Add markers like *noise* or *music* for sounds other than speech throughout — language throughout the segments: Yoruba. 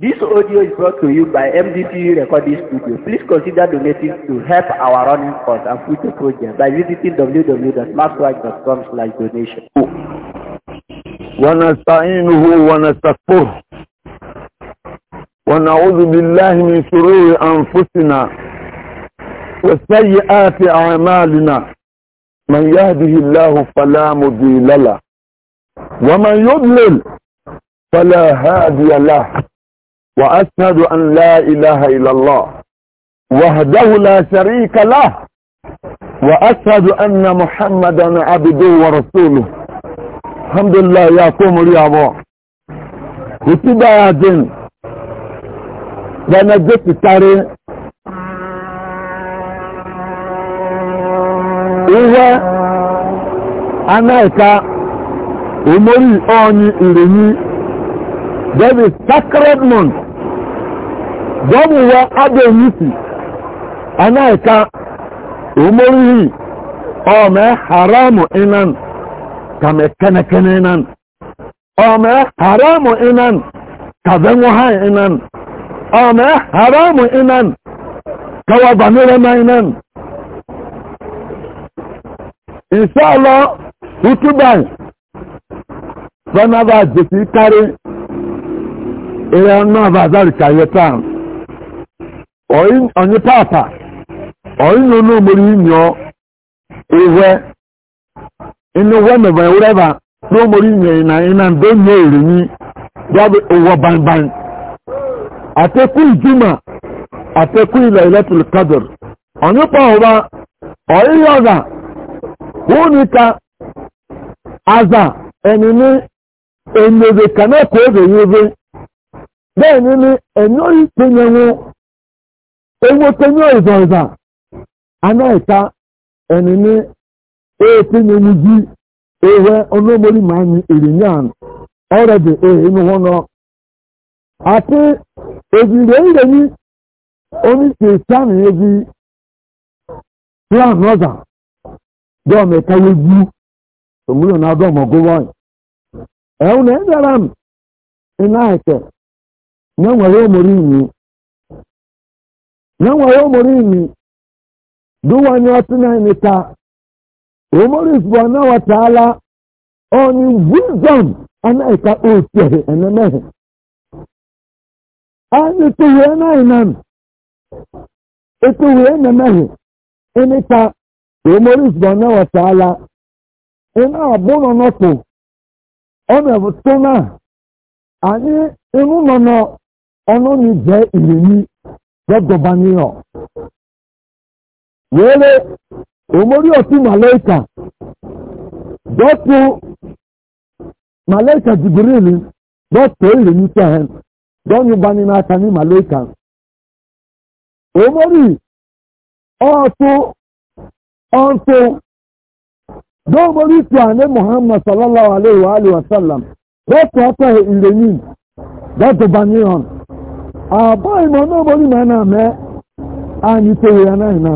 This audio is brought to you by MDCU Recording Studio. Please consider donating to help our running costs and future projects by visiting www.maxwatch.com slash donation. ونستعينه ونستغفره ونعوذ بالله من شرور أنفسنا وسيئات أعمالنا من يهده الله فلا مضل له ومن يضلل فلا هادي له وأشهد أن لا إله إلا الله وهده لا شريك له وأشهد أن محمدا عبده ورسوله الحمد لله يا قوم رياضا وتبا يا جن لأن جت التاري إذا أنا إكا ومري أوني إلهي ده is sacred gọ́ọ̀mù wa adé yìí anáìka òmóríhì ọmọ haramu inan kàmẹ kẹnẹkẹnẹ inan ọmọ haramu inan kàbẹ́wọ́há inan ọmọ haramu inan kawabanirema inan ìṣọ́lọ́ hutubai fọ́nàbà jẹ́sí kárí ìrẹ́ náà bá zárìkà onye papa onye nọ n'ogboro inyo iwe inugwe mebe wureba n'ogboro inyo na ina ndo nye irinyi dabi ụwa banban ateku ijuma ateku ila ilatul kadir onye papa onye yoza wunika aza enini enyebe kanakwa oge yebe bẹ́ẹ̀ ni ni ẹ̀yọ́ ìpínyẹ̀wò enwetenye ọzọza anaghịta enene etenyewu gị ewe ọnụmori ma anyị irinyan ọrịadị enuhụnọ ati ezire irenyi onyeisiani ezi plan rọza dọm ekawegwu omuli na ọgụgụ na m ịnaghịte nye nwere omori na nwere omorimi duwanye otu na emeta omoris bụ anawatala onye wisdom anaghịka otieghe ememeghe anyị tụhie naghị na ịtụhie ememeghe ịnịta omoris bụ anawatala ịna abụ nọ n'ọtụ ọ na-ebutụ na anyị ịnụ nọ n'ọnụ n'i jee irimi jọ́jọba níyàn wẹ́rẹ́ òmórí ọ̀tún màlẹ́kà dọ́tún màlẹ́kà jìbìrìlì dọ́tún èrè ní sẹ́hẹ́n dọ́nyúba ní n'aka ní màlẹ́kà òmórí ọ̀tún ọ̀tún dọ́mórí tí a ní muhammad sallallahu alayhi wa sallam dọ́tún ọ̀tún èrè ní dọ́jọba níyàn abaghị m ọnụọbọghị ma na mee anyị tewe ya naghị na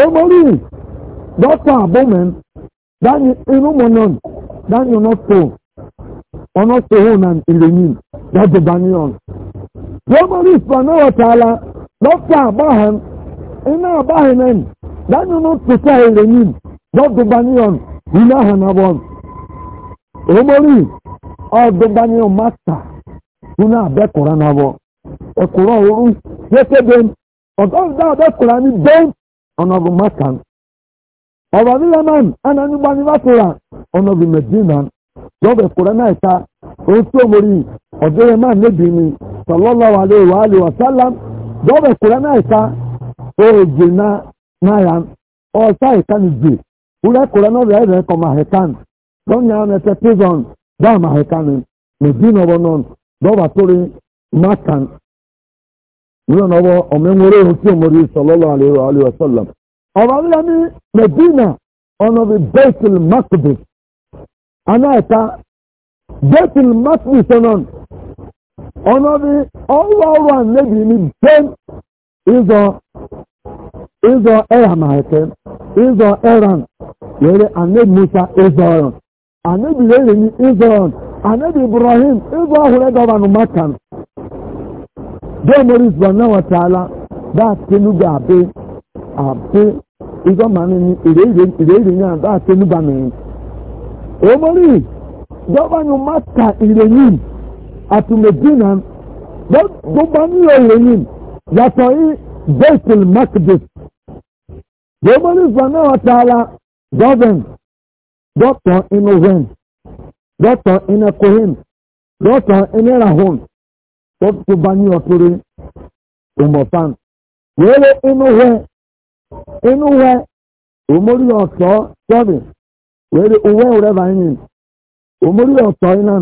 emori dọkta abomen danyị ịnụmọnọn danyị ọnọtọ ọnọtọ hụ na ilenyi dọdụ daniel emori spanawatala dọkta abaghị ịna abaghị na danyị ọnọtọ ilenyi dọdụ daniel hụ na ha na bọọlụ emori ọdụgbanye masta tụna abekụra na bụ ọhụrụ yetebe ọdọdọ abekụra ni ben ọnọdụ masta ọbadị laman anaghị gbanye batụra ọnọdụ medina lọbụ ekwuru na ịta otu omori ọdịrị man nebi ni sallallahu alaihi wa alihi wa sallam lọbụ ekwuru na na ya ọsa ịta ụlọ ekwuru na ọrịa ịrịa kọma hịtan lọnyà na-ete prison dáàmà àìkánì mẹ̀dínà ọbọ̀ náà dọ́bà torí mákàn nínú ọbọ̀ ọ̀mẹ́wọ́rẹ́ ohun tí òmòrí sọlọ́lọ́ àlèrò àlèrò sọlọ́ ọ̀rọ̀ ńlá ní mẹ̀dínà ọ̀nà bí bẹ́ẹ̀tìl mákìdì anáìka bẹ́ẹ̀tìl mákìdì sọ̀nà ọ̀nà bí ọ̀rọ̀ ọ̀rọ̀ ànẹ́bì ní bẹ́ẹ̀m ìzọ ìzọ ẹ̀rà màìkẹ́ ìzọ ẹ̀ràn yẹrẹ ànẹ́bì musa ìzọ ọ̀rọ̀ anabi ya enyi anabi ibrahim ibu ahụrụ ịdọba maka makan dọmọrị zuwa na wataala daate nuga abe abe ịzọ ire-ire maka irenyin atumedina dọba nụ ya irenyin makdis dọmọrị zuwa na dọ́tàn inú wen dọ́tàn inú kohen dọ́tàn inú rahon tó bá ní ọ̀tọ́rẹ́ òmọ̀fán wẹ́rẹ́ inú wẹ́ inú wẹ́ òmórí ọ̀tọ́ sọ́ọ̀dì wẹ́rẹ́ owó rẹ́bà yìí òmórí ọ̀tọ́ iná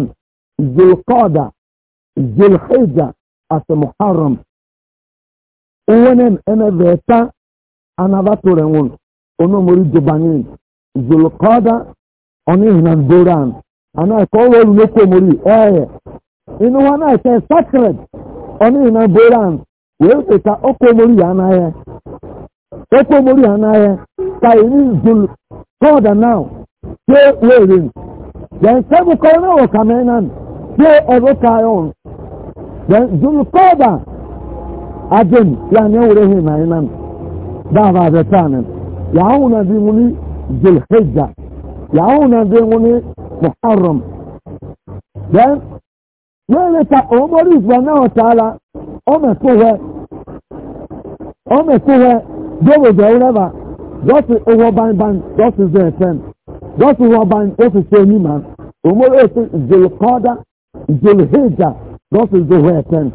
jilkọ́ọ̀dà jilhijja àti muharram owó náà ẹnẹ bẹ̀ẹ́ ta anabató rẹ̀ wọn onú òmórí ọ̀nà ìhìnà goran àná ẹ̀kọ́ wọ́ọ̀lù ló kò mórí ẹ̀ẹ̀ e, inú wa náà ṣe sacred ọ̀nà ìhìnà goran wèé pèta ó kò mórí àná yẹ ó kò mórí àná yẹ ka èyí zul god now ṣé wéèrè yẹn sẹ́mu kọ́ náà wọ̀ kàmẹ́ náà ṣé ẹ̀rọ kayon yẹn zul kọ́ọ̀dà adem yà ni ẹ̀wọ̀rẹ̀ hìn náà náà dáhà àbẹ̀tà ni yà áwọn yàwùnà dé wọn ní muharram then wọ́n lè ta ọmọdé ìgbà náà tààlà ọmọ ẹ̀kọ́ rẹ̀ ọmọ ẹ̀kọ́ rẹ̀ dóòwò jẹ̀wọ́ lẹ́bà dọ́sì owó bánibán dọ́sì zẹ̀ ẹ̀fẹ́n dọ́sì owó bán dọ́sì ṣe onímọ̀ ọmọdé ètò ìjòlè kọ́dá ìjòlè hẹ́jà dọ́sì zòwò ẹ̀fẹ́n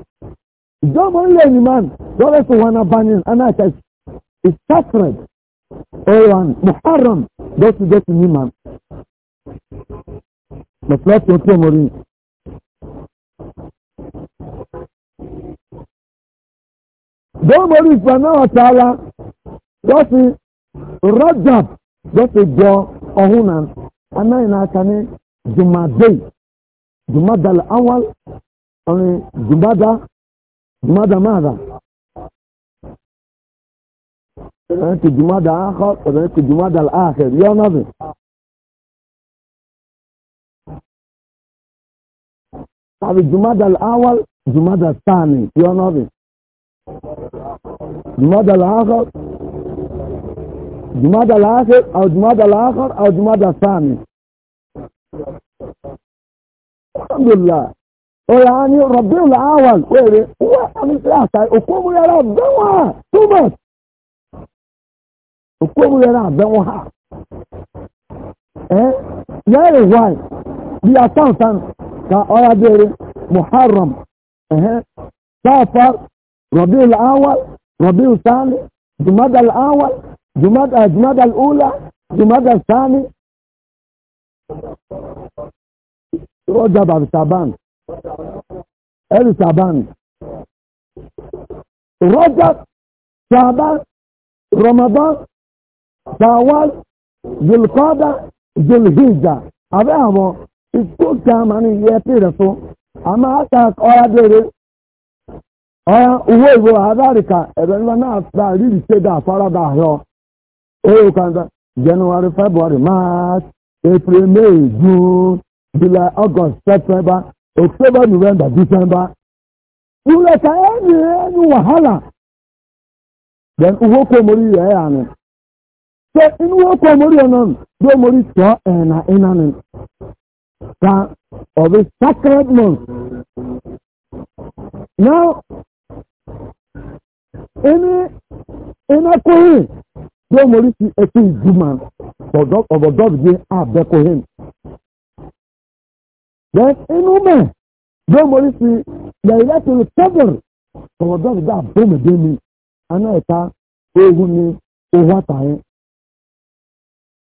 ìjọba ńlẹ̀ ẹ̀nìmọ̀ dọ́sì wọn abánin anáàkẹ́sì is sacred Oran, Muharram, that's the Imam. The flat of memory. Dọ́mọ̀rí ìfànáwà tààrà wọ́n ti Rajab wọ́n ti jọ ọ̀hún náà. Anáyìn náà ká ní Jùmàdé, Jùmàdàlẹ̀ Awal, ọ̀rin Jùmàdà, Jùmàdà Máàdà. ذلك الجماد آخر وذلك الجماد الآخر يا نظر طب الجماد الأول الجماد الثاني يا نظر الجماد الآخر الجماد الآخر أو الجماد الآخر أو الجماد الثاني الحمد لله ويعني ربي الأول ويعني هو أمس لا ساي أقوم يا رب دوا توبت okpogbo yɛrɛ abɛnwo ha ɛ yɛrɛ wai bi asansan ka ɔya bere muharram ɛhɛ eh, safar rabi al-awal rabi al-sani jumad al-awal eh, jumad jumad al-ula jumad sani rojab saban el-saban rojab saban ramadan shawal zulkada zulhijja abe abo ikoke amani ye pere so ama aka dere oya uwe igbo adarika ebe nwa na asa riri se da afara da ahio oyo kanda january february march april may june july august september october november december ka wahala then uwe ya ya so inú wọn kọ mori ọ̀nà bí mori sọ ẹ̀ na iná ni ka of a sacred month now ẹni iná kohin bí mori si ẹtí ìjùmọ̀ ọ̀bọ̀dọ́bìdì kohin. then inú mẹ́ bí mori si yẹ̀yẹ́ láti rí tẹ́bùrù ọ̀bọ̀dọ́bìdì àbẹ̀mẹ̀dẹ́mi aná ẹ̀ka ewu ni owó àtàyẹn.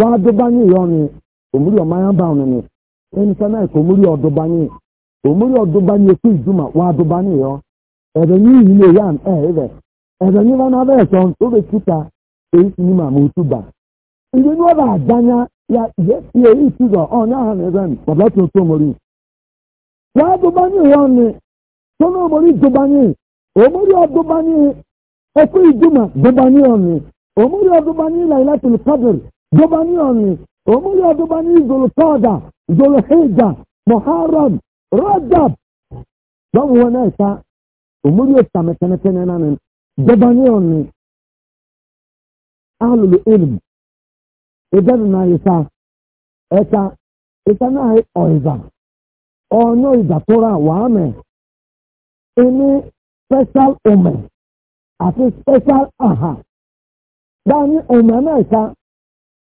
wadụbanye ya ọnụ omuri ọmanya ba ọnụnụ ensanik omuri ọdụbanye omuri ọdụbanye ekwe izuma wadụbanye ya ebe n'ihi na ya ebe ebe nyere na abịa ẹsọ obe kita esi n'ime ama otuba ndị nwa ọba adanya ya ihe isizọ ọnya ha na ebe m ọbụla tụ otu omori wadụbanye ya ọnụ sọnụ omori dụbanye omori ọdụbanye ekwe ijuma dụbanye ọnụ omori ọdụbanye lailatul kadiri dobani oni omuya dobani zulkada zulhijja muharram rajab don wona ta omuri ota metenetene nani dobani oni alulu ilm idan na eta isa na oiza onyo idatura wa ame eme special omen àti special aha dani omen na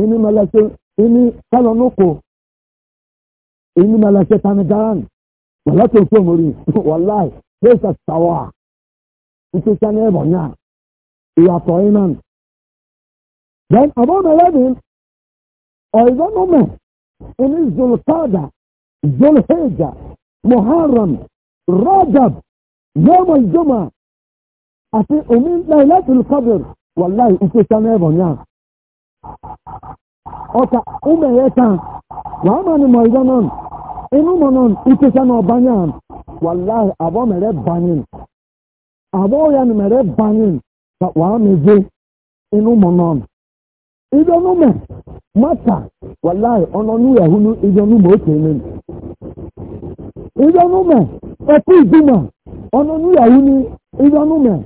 ini malase ini kalo noko ini malase tanigaran wala to so mori *laughs* wallahi kesa sawa ite chane bonya ya to inan then about 11 ايضا امه ان ذو القعده ذو الحجه محرم رجب يوم الجمعه اتي امين ليله القدر والله انت سامع بنيان ọka ụmụ ya ka wàá ma ni mọ̀ọ́dọ́ náà inú mọ̀ náà ìtẹ̀sẹ̀ náà bányà wàláhì àbọ̀ mẹ̀rẹ̀ bányà àbọ̀ ya ni mẹ̀rẹ̀ bányà ka mata mẹ̀jẹ inú mọ̀ náà ìdọ́nú mẹ̀ mọ́tà wàláhì ọ̀nà ní ìyàwó ní ìdọ́nú mọ̀ ó tẹ̀ mí ìdọ́nú mẹ̀ ẹ̀kú ìdúmọ̀ ọ̀nà ní ìyàwó ní ìdọ́nú mẹ̀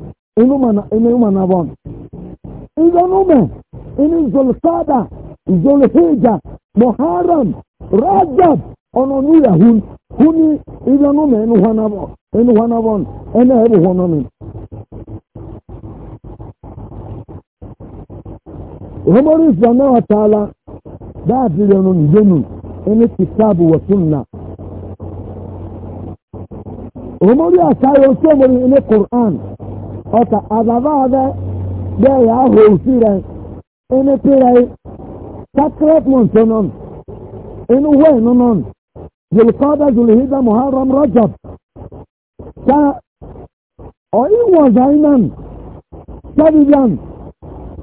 inú mọ̀ náà bọ̀ ìdọ́nú mẹ̀. ini zolkada zolhija muharram rajab ọnọ n'ụya hun huni ịbịanụ ma enuhwa nabọn ene ebu hụnọnụ Umar Islam wa ta'ala da afirinu njenu ini kitabu wa sunna Umar ya sayo somori ini Qur'an ọta azaba abe ya hau sirai ene pirai sacred month non inu wey no non zulqada zulhida muharram rajab ta oyi wazainan sabidan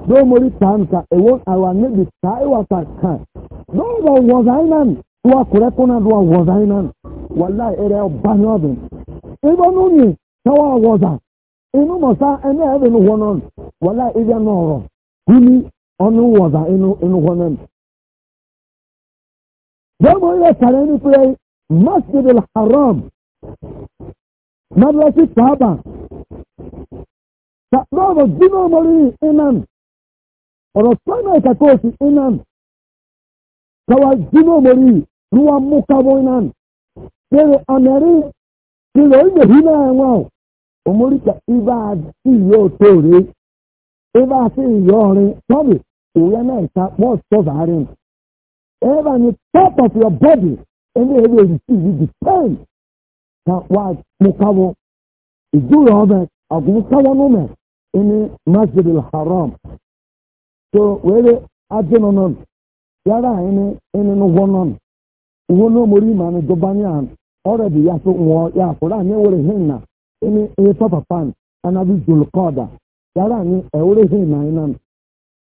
do mori tanka ewon awa nebi ta iwa ta kan no ba wazainan duwa kure kuna duwa wazainan wallahi ere banyobin ibo nuni tawa waza inu mosa ene ebe nu wonon wallahi ibe no ro kuni ọnụ wọza ịnụgwọ na ndụ jọmọ ihe kara nukwu ya masjid al-haram madrasi kaaba ka n'ọbọ ji n'ọmọrị inan ọrọ sọnà ìkàkọ òsì inan kawa ji n'ọmọrị ruwa mmụkabọ inan kere amẹrí kìlọ ìmẹhì náà ẹwọn òmórìkà ibà sí ìyọ òtó rèé ibà sí ìyọ ọrin tọ́bì. òwúrọ̀ náà ìta wọ́n sọ́fàárìn ẹ̀rọ ni part of your body ẹni ẹ̀rọ receive di pain ta wà mú káwọ́ ìjúwèé ọbẹ̀ àgùn káwọ́ númẹ̀ ẹni al-haram so wẹ́rẹ́ ajínú náà yàrá ẹni ẹni ní wọ́n náà wọ́n náà mórí màá ní ní àná ọ̀rẹ́dì hìn ẹni anabi kọ́ọ̀dà yàrá ẹni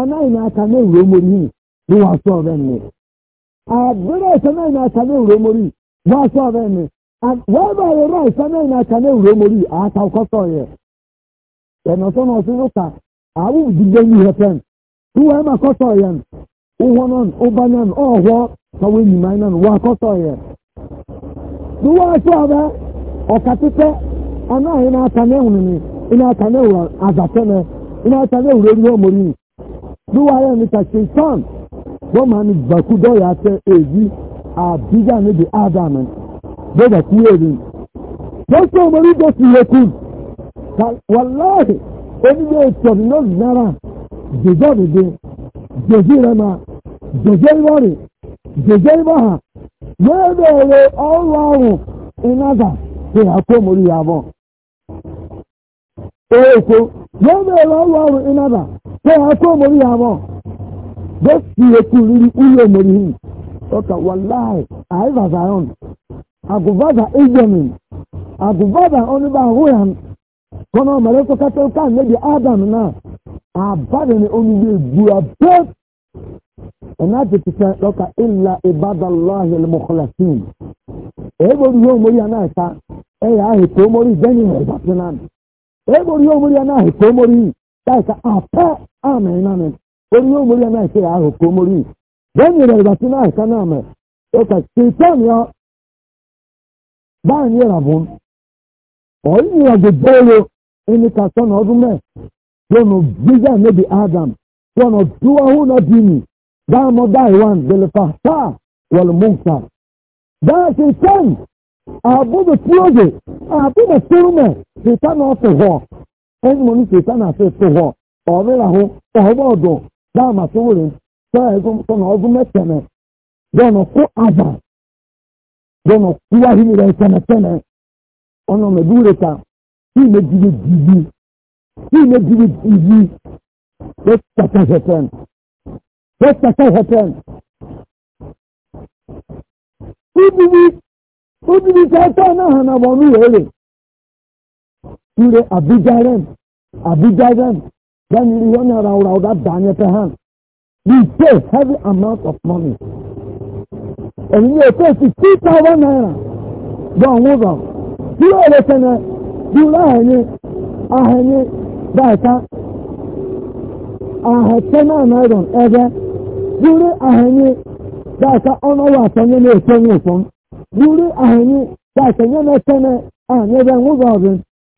anaghị m aka na-ewuru omori nwa asọ ọbenne abụrụ ọsọ na-ewuru omori nwa asọ ọbenne wee m aka na-ewuru omori aka ya na ọsọ ụka awụ dịgbe n'ihe pẹm tụwa ịma n'ụwa ya ụhọ ụbanya ọhụọ sọwa enyi m anya nwa ya anaghị m aka na azatene ị na-aka na omori duwaye ne ka shaitan don ma ni baku don ya ta eji a biga ne da adam da da ku yi don so mari da su yaku wallahi oni ne to ni no zara jeje ni de jeje re ma jeje wori jeje ba ha ye be re ọrụ inaga ti ha ko mori ya bo eko ye pé ẹkọ omori yà mọ bẹ sì eku riri uyo omori yìí ọkà wàláì àìvàzà ọ̀n àgùvàzà ìjọmi àgùvàzà ọ̀nùbà àhúyàn kọ́nà ọ̀mọ̀lẹ́kọ̀ kátólíkà níbi adam náà àbádẹ́ ni oníbi ègbú ẹ̀nà àtẹ̀tẹ̀ lọ́kà ìlà ìbádàláhì mọ̀kọ́lásìn èébò rí omori yà náà ká ẹ̀yà àhìkò omori jẹ́ni ẹ̀bàtì láìka àpá àmì iná mi orí yóò mórí ẹ̀mí àìsè àhò kó mórí lẹ́yìn ìrẹ̀ ìgbà tí náà ìka náà mẹ̀ ọkà kìtàn yọ báyìí ní ìràbùn ọ̀yìn ìràbù bọ́ọ̀lù ẹni ká sọ́nà ọdún mẹ́ lọ́nà gbígbà níbi adam lọ́nà dúwáhù náà bí mi dáàmọ́ dáì wà nílẹ̀ fàtà wọ̀lù mọ́ǹkà dáà kìtàn àbúrò tí ó dé àbúrò tí ó mẹ́ kìtàn náà fi hàn ẹgbọn ní kìí sánà àti ètò họ ọ̀rẹ́ra ho ọ̀họ́bọ̀ ọ̀dọ̀ dáàmà tó wòlé sọ́nà ọdún mẹ́tẹ̀ẹ̀mẹ́ dọ́nà kó àbà dọ́nà kú wáhìnì rẹ̀ tẹ̀mẹ̀tẹ̀mẹ̀ ọ̀nà mẹ́dúró ta tí ìmẹ̀ dìbò dìbì tí ìmẹ̀ dìbò dìbì ló tẹ̀tẹ̀ hẹ̀tẹ̀n ló tẹ̀tẹ̀ hẹ̀tẹ̀n. Ibi bi, ibi bi tẹ̀tẹ̀ náà hàn àbọ̀ ọ̀nù wẹ̀rẹ̀ ire abijaren abijaren then you run around around that daniel pehan we pay heavy amount of money and you pay fifty thousand naira don move am tí o lè sẹ́nẹ̀ dúró ahẹ́ni ahẹ́ni báyìíká ahẹ́tẹ́ náà náà rọ̀ ẹ̀rẹ́ dúró ahẹ́ni báyìíká ọ̀nà wà sẹ́yìn ní ètò ìwòsàn dúró ahẹ́ni báyìíká yẹn náà sẹ́nẹ̀ àyẹ̀rẹ̀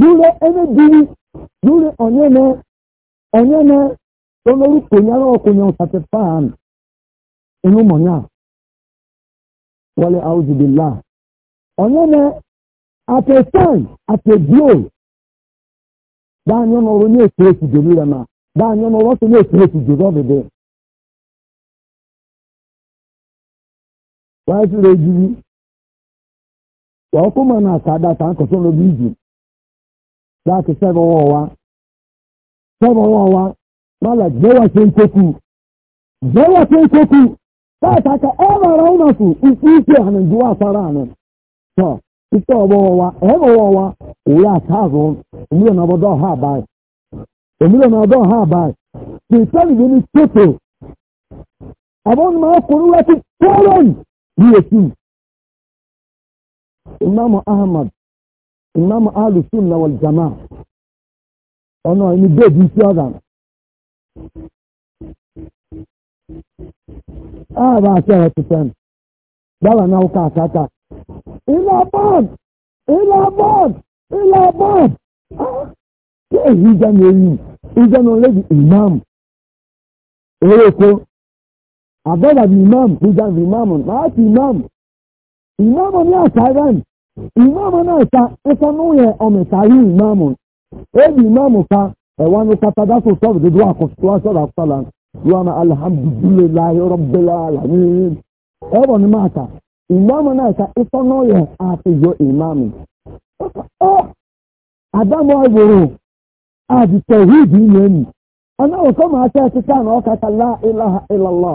dure enediri dure onyene onyene tonoru kunyara onye satepan inu monya wale auzu billah onyene at a time at a glory daanyo n'ọrụ na-efu na daanyo n'ọrụ ọsọ na-efu efu jerọbebe wáyé láti sẹ́bọ̀ wọ́n wa sẹ́bọ̀ wọ́n wa mọ́lá jẹ́wàṣẹ́ ìkókù jẹ́wàṣẹ́ ìkókù sáàtàkà ẹ̀rọ ara ọ̀nà fún ikú ìṣe àmì ìjọwọ́ afárá àmì tọ́ ìtọ́ ọ̀bọ̀ wa ẹ̀rọ wọ́n wa òwe àtàzọ òmìnira náà bọ́dọ̀ ha báyìí òmìnira náà bọ́dọ̀ ha kì í sẹ́ni ní àbọ̀n máa wá sí pọ́lọ́n èsì ìmáàmù ahmad imam alusunna wal jama ọ̀nà ẹni bẹ́ẹ̀dì sí ọ̀gá ààrẹ àti ẹ̀rọ tuntun dáwà náà ká àkàtà ilà bọ́ọ̀d ilà bọ́ọ̀d ilà bọ́ọ̀d ah! ṣé èyí ìjẹun èyí ìjẹun ọ̀lẹ́dì imam èrèkó àbọ̀dàbí imam ìjẹun imam láti imam imam ní àṣà imam náà ta ẹ̀fọ́ yẹ ọmọ ìta imam ebi imam ka ẹ̀wá ní kátàdá tó sọ̀rọ̀ dídú àkọsọ́ àṣọ̀rọ̀ àkọsọ́lá yọ̀ọ́nà alihamudulilayi rọ̀bẹ̀lá alamin ẹ̀wọ̀n ní máa ta imam náà ta ẹ̀fọ́ nù yẹ àtijọ́ imam ọ̀ àdámọ́ ìwòrò àdìtẹ̀ hídì ìlẹ́nu máa náà láìláha ìlàlá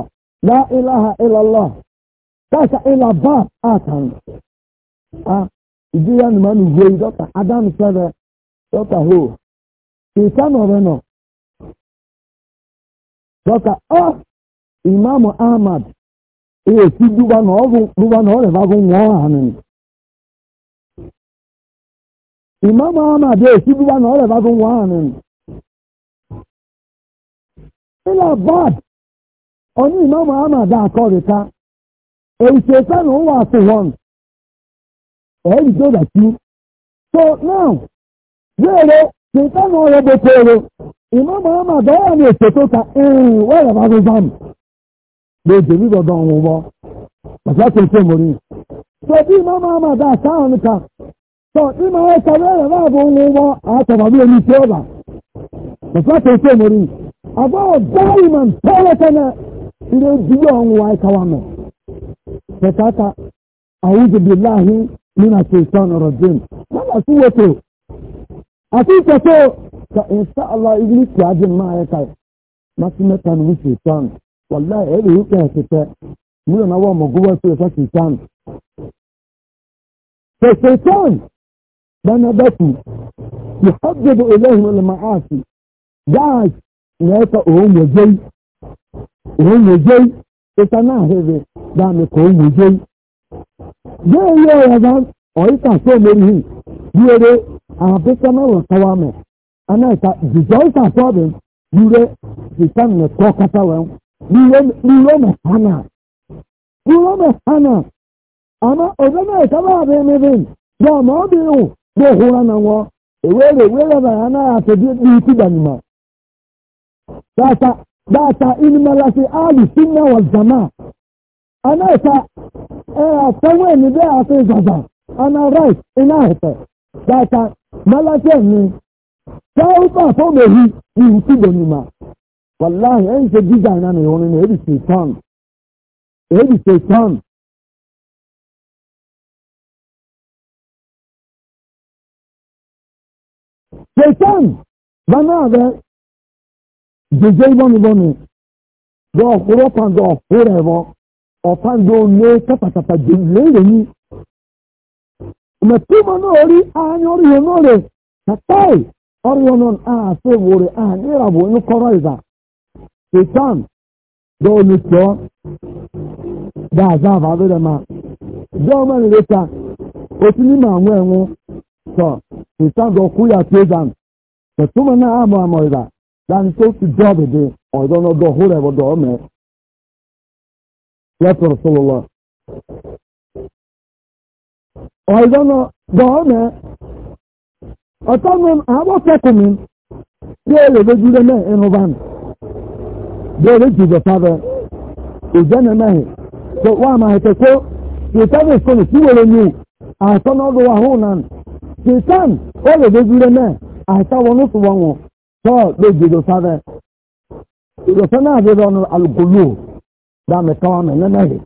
láìláha ìlàlá ìlàbá ah ìdíyà ni màánu gbé yìí dọ́kà ádámù sẹ́rẹ̀ dọ́kà hó nọ dọ́kà ọ! imam ahmad èyí sí dúbà nà ọ́gùn dúbà ha ọ̀rẹ́ bá gún ahmad èyí sí dúbà nà ọ̀rẹ́ bad ahmad and so that you. So now, there, Satan ọrịa gotere, Imam na-esote ka ee were agụgwa m. Na-eji rịgọdọ ọnwụgbọ, maka ya kwesịrị nwere. Sọdụ Imam Ahmad aka ahụ ka, sọ ịma ya ka were agụ ọnwụgbọ atọbabụ ya n'isi ọba. Maka ya kwesịrị nwere. Agbaghọ Daiman pere na nọ. bilahi من الشيطان الرجيم ولا قوته أتيت تو إن شاء الله إبليس يعجب ما يكاي ما سمعت عن الشيطان والله إيه يكاي شيطان مو أنا وما قوة الشيطان فالشيطان بنبتي يحبب إليهم المعاصي جاش نيتا أهم وجي أهم وجي إتنا هذي دامك أهم وجي Gaya ya ba, ọrịa so meri yere abeka na watawa me. Ana ta jijaita so be yure sisan ne to kata wa. Yure yure me hana. Ama Ya ma na wo. Ewere ewere sanwó èmi bẹ́ẹ̀ àti ìgbàgbà ọ̀nà right iná ẹ̀fẹ̀ bàtà mọ́láṣẹ́ mi sáwùpà fọ́ọ̀mù èyí ìhù tí bòmí mà wàláhì ẹ̀ ń ṣe gíga iná mi òun ni èyí tán èyí tán. àbẹ jẹjẹ ọ̀páǹdó lé tàpàtàpà jù náà rí náà rẹ̀ tàtàì náà rẹ̀ kọ́rọ̀ dọ́ọ̀ ní dáadáa máa. Dọ́ọ̀ mẹ́rin ní màá sọ dọ́ọ̀ kú yà tó dàn. náà àmọ̀ àmọ̀ tó ti ọ̀dọ́ náà láti ọ̀sọ̀rọ̀ wa. ọ̀ìdánà gọ́ọ̀mẹ́ ọ̀tọ́mọ̀ àbọ̀kẹ́kọ̀ọ́ mi yóò lè dojú lé náà ẹnu bá mi yóò lè jù jọ̀fà rẹ̀ ìjẹ́nà náà tó wà máa hẹ̀tẹ̀ kó ìtẹ́bù ìkọlù tí wèrè ni àtọ́nà ọdún wa hùn náà ìtàn ó lè dojú lé náà àìsáwọn ní sùwọ̀n wọn tó lè jù jọ̀fà rẹ̀ ìjọ̀fà náà rẹ̀ ọ̀nà àlùkò lóò dame kawa mene mehi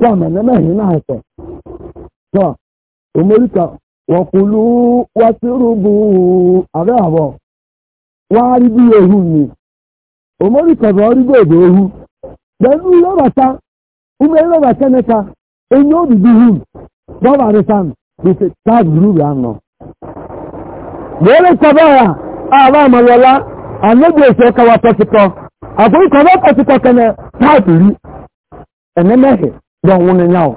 kawa mene mehi na hete so amerika wakulu wasirubu abe abo ehu ni amerika ba bụ go ebe ehu denu yo ume yo bata enyi enyo bi bi hu do ba bi akwai ka ba ka tuka kana kafiri ene mehe don wani nyawo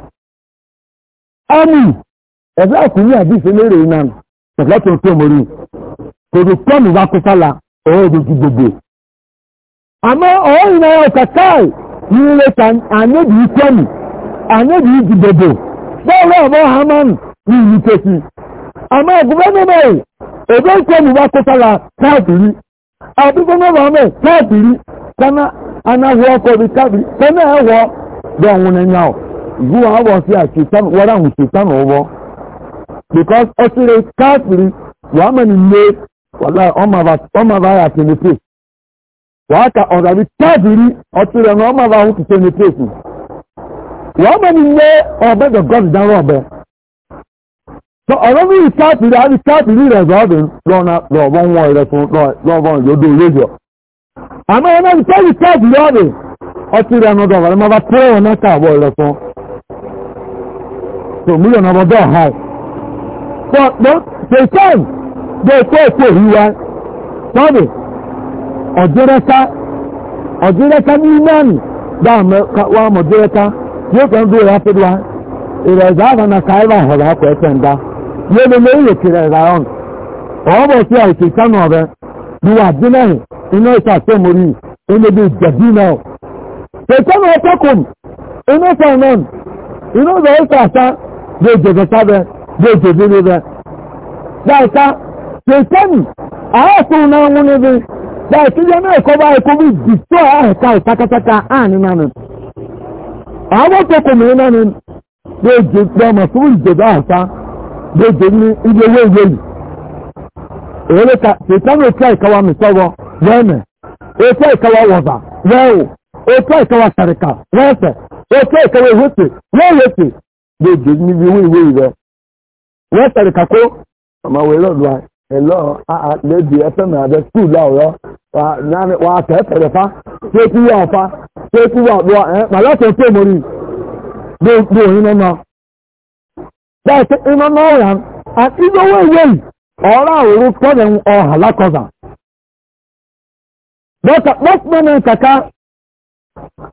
ami ebe akunyi hadisi lere inan tafilatu to mori to do tomu ba kusala o do gbogbo ama o ina ya kakai ni le tan anye bi tomu anye bi gbogbo ba wa ba haman ni ni kesi ama gubane me ebe tomu ba kusala kafiri abigbo na ba kana anaghị ọkọ bi kabi sani ẹwọ dị ọnwụna nya ọ zuwa abọ si a shetan wara ahụ shetan ụgbọ because ọ sịrị kafiri wàá mẹni mme wàlá ọmọ bá yà sí ní pèsè wàá ka ọ̀dàbí ọ na ọmọ bá ní ọbẹ so ọ̀rọ̀ mi àbí rẹ̀ zọ́ọ̀dún yóò dé àmọ́ ẹ̀rọ ìtẹ́rì tẹ́ẹ̀dì lọ́ọ̀rẹ̀ ọtí rẹ̀ ọ̀nà ọ̀dọ̀ ọ̀rẹ́ máa bá tẹ́rẹ̀ wọn náà kàwọ́ rẹ̀ fún so mílíọ̀nù ọmọdé ọ̀há ẹ̀ so no they come they kó èkó ìwá sọ́ọ̀dì ọ̀dẹ́rẹ́ká ọ̀dẹ́rẹ́ká ní ìmọ̀ọ̀nì dáàmú wa ọmọdẹ́rẹ́ká yóò kàn bí ìrà fẹ́ wa ìrẹ̀ ẹ̀zá àfànà káìlà ọ̀họ̀rọ̀ akọ̀ ẹ̀fẹ̀ ń dá yóò lè lè ìrètí rẹ̀ rà ọ̀n ọ̀ọ́bọ̀ sí àìsèkánù ọ̀rẹ́ ìwà àdínlẹ́yìn iná ìta àtẹ́mórí ẹlẹ́bí ìjẹ̀bí náà pẹ̀tẹ́nù ọ̀tẹ́kùn inú sọ̀nàn inú ìwà ìta àṣà lè jẹ̀bẹ̀ sábẹ́ lè jẹ̀bí níbẹ̀ dáìka pẹ̀tẹ́nù àáfin náà ń wúni bí dáìkí yẹn náà kọ́ báyìí kó bí dìtọ́ àìka ìtakataka àní nánu àwọn ọ̀tẹ́kùn náà ní lè jẹ̀bí ọmọ fún ìjẹ̀bí àṣà lè jẹ̀bí ní ilé wéyé yìí ewele ka sitani otu ikawa mitọgọ wẹmẹ otu ikawa wọba wẹwo otu ikawa sarika wẹsẹ otu ikawa ehete wẹwẹsẹ gbèdé níbi wíwíwí rẹ wọ́n sarika kó ọmọ wẹ̀ lọ́dọ̀ ẹ̀lọ́ àlejò ẹ̀fẹ́ mi àbẹ skul láwùrọ̀ wà á tẹ̀ẹ̀fẹ̀ rẹ̀ fa ṣé kí wà fa ṣé kí wà wà ẹ̀ màlọ́tẹ̀ tó mọ̀ rí bí òyìn náà. bẹ́ẹ̀ sẹ́ iná náà yàn án ìdánwò ìwé ọrụ ahụrụ tọrọ ọha lakọza dọka kpọkpọnọ kaka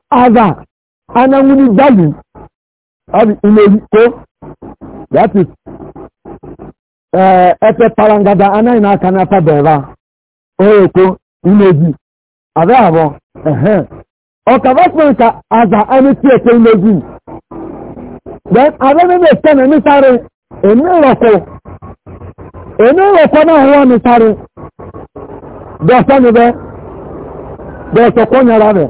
aza anyanwụni jali ọbụ imeri ko that is ẹsẹ parangada anaghị n'aka n'afa bẹrẹ ọrụ eko imeji abẹ abọ ọka kpọkpọnọ ka aza anyị tie eke imeji then abẹ nínú ìtẹ́nà nísàrè èmi rọ̀kọ̀. èmi ń rọ̀kọ́ náà wọ́n mi sáré dọ̀sán mi bẹ́ dọ̀sán kọ́nyára rẹ̀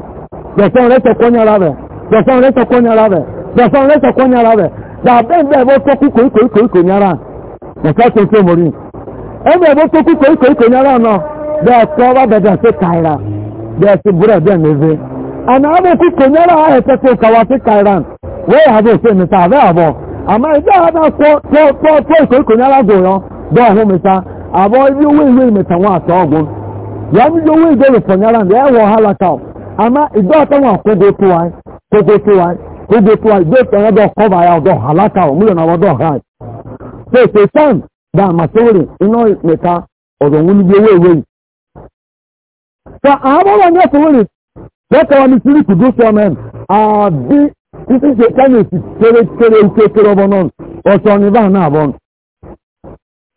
dọ̀sán rẹ̀ sọ kọ́nyára rẹ̀ dọ̀sán rẹ̀ sọ kọ́nyára rẹ̀ dọ̀sán rẹ̀ sọ kọ́nyára rẹ̀ dàbẹ́ ìgbà ìbò tó kú kòríkò ìkò ìkò nyára dọ̀sán tó tó mórí ẹgbẹ́ ìbò tó kú kòríkò ìkò nyára náà bẹ́ẹ̀ kọ́ wá bẹ̀dẹ̀ sí kaira bẹ́ẹ̀ sí búrẹ̀ bẹ́ẹ̀ nìyẹn àná àbẹ̀ kú kò nyára ẹ̀sẹ̀ tó kàwá sí kaira wẹ́ẹ̀ àbẹ̀ òfin nìta àbẹ̀ àbọ̀ àmọ́ ìgbà àbẹ̀ kọ́ tó ìkò ìkò nyára gò yọ dɔɔ ho mesa abɔ ibi owó ìwé mẹta wọn àtọ ọgbọn yàrá mi owó ìdọ́rọ̀ pọ̀nyára ẹ̀ ẹ̀ ọha ọ̀hálà ká o àmà ìdọ́ àtàwọn àkógo tó wáyé kógo tó wáyé tó ya ọdọ ọ̀hálà ká ọ mílíọ̀nù àwọn ọdọ ọ̀há ṣe sàn dá iná mẹta wọn níbi owó ìwé yìí. àwọn ọmọ wọn ní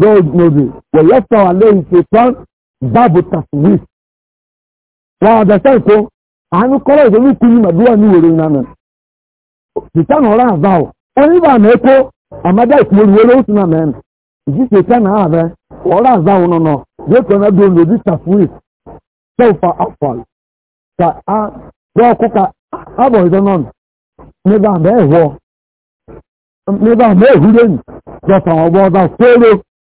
God knows it. Wọ́n yẹ sọ àlẹ́ ìṣètàn báàbò tàṣíwì. Wọ́n àdàṣẹ́ ìkó àánú kọ́lọ́ ìṣèlú kú ní màdúrà ní wèrè ìlànà. Ìṣètàn ọ̀rá àbá o. Ẹni bá àmì ẹ̀kọ́ àmàdá ìṣòro ìwé lóhùn sínú àmì ẹ̀nà. Ìjì ìṣètàn náà àbẹ ọ̀rá àbá o nọ̀nà yóò kàn náà dùn lòdì tàṣíwì. Sọ́ọ̀fà àfàl. Ka a bọ́ ọkọ ka ábọ̀ ìdáná níbà àmì ẹ̀wọ̀ níbà àmì ẹ̀húrẹ́yìn. Dọ̀tà ọ̀gbọ́n ọ̀dà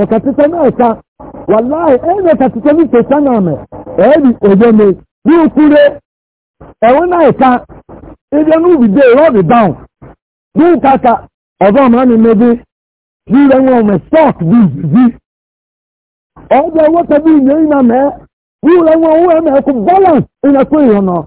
ọ̀kàtítẹ́ náà ká wàláì ẹ̀yìn ọ̀kàtítẹ́ ní tẹ̀sán náà mẹ́ ẹ̀ẹ́dì òjòmè ní òkúrẹ́ ẹ̀wọ́n náà ká ibi ẹnu ìdè rọ́ọ̀bì dáhùn ní ìkàkà ọ̀gá ọ̀mọ́ ni mẹ́bí ní ilẹ̀ wọn ọmọ bí ọjọ́ ìyẹn iná mẹ́ ní owó ẹ̀mẹ́ ẹ̀kú balance